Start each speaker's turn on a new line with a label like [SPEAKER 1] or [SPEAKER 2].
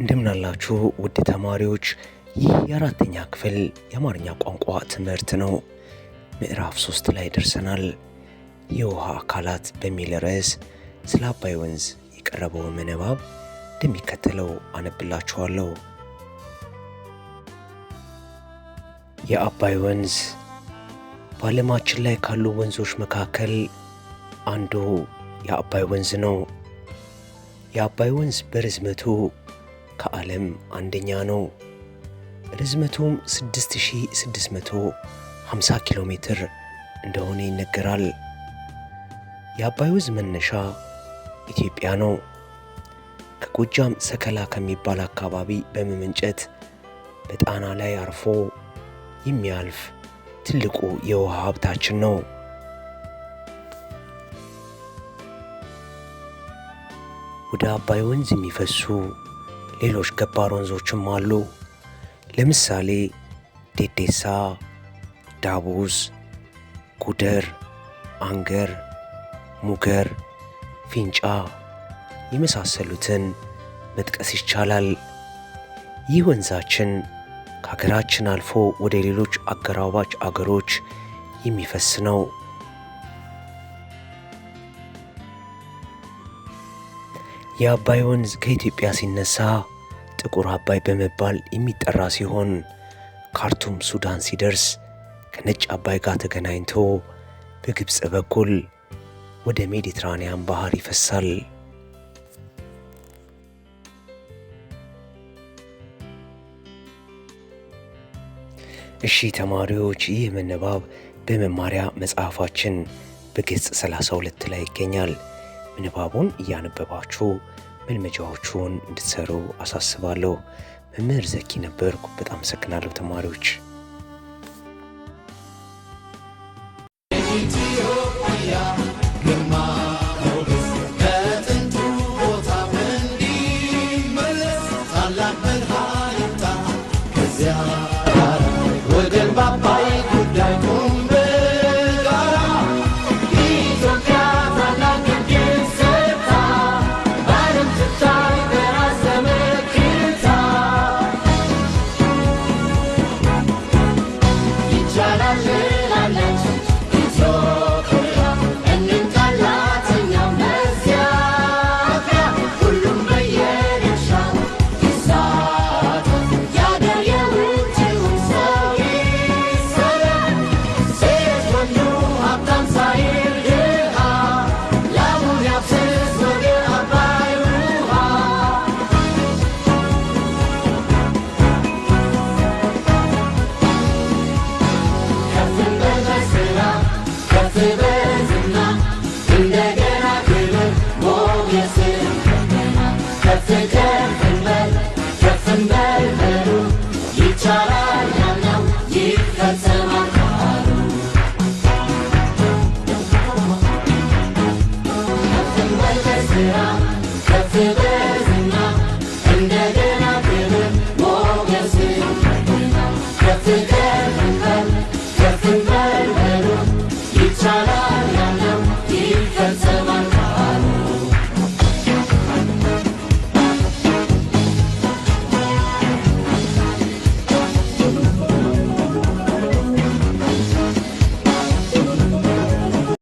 [SPEAKER 1] እንደምናላችሁ ውድ ተማሪዎች፣ ይህ የአራተኛ ክፍል የአማርኛ ቋንቋ ትምህርት ነው። ምዕራፍ ሶስት ላይ ደርሰናል። የውሃ አካላት በሚል ርዕስ ስለ አባይ ወንዝ የቀረበው ምንባብ እንደሚከተለው አነብላችኋለሁ። የአባይ ወንዝ በዓለማችን ላይ ካሉ ወንዞች መካከል አንዱ የአባይ ወንዝ ነው። የአባይ ወንዝ በርዝመቱ ከዓለም አንደኛ ነው። ርዝመቱም 6650 ኪሎ ሜትር እንደሆነ ይነገራል። የአባይ ወንዝ መነሻ ኢትዮጵያ ነው። ከጎጃም ሰከላ ከሚባል አካባቢ በመመንጨት በጣና ላይ አርፎ የሚያልፍ ትልቁ የውሃ ሀብታችን ነው። ወደ አባይ ወንዝ የሚፈሱ ሌሎች ገባር ወንዞችም አሉ። ለምሳሌ ዴዴሳ፣ ዳቡስ፣ ጉደር፣ አንገር፣ ሙገር፣ ፊንጫ የመሳሰሉትን መጥቀስ ይቻላል። ይህ ወንዛችን ከሀገራችን አልፎ ወደ ሌሎች አጎራባች አገሮች የሚፈስ ነው። የአባይ ወንዝ ከኢትዮጵያ ሲነሳ ጥቁር አባይ በመባል የሚጠራ ሲሆን ካርቱም ሱዳን ሲደርስ ከነጭ አባይ ጋር ተገናኝቶ በግብፅ በኩል ወደ ሜዲትራንያን ባህር ይፈሳል። እሺ ተማሪዎች፣ ይህ መነባብ በመማሪያ መጽሐፋችን በገጽ 32 ላይ ይገኛል። ንባቡን እያነበባችሁ መልመጃዎቹን እንድትሰሩ አሳስባለሁ። መምህር ዘኪ ነበርኩ። በጣም አመሰግናለሁ ተማሪዎች። Yeah.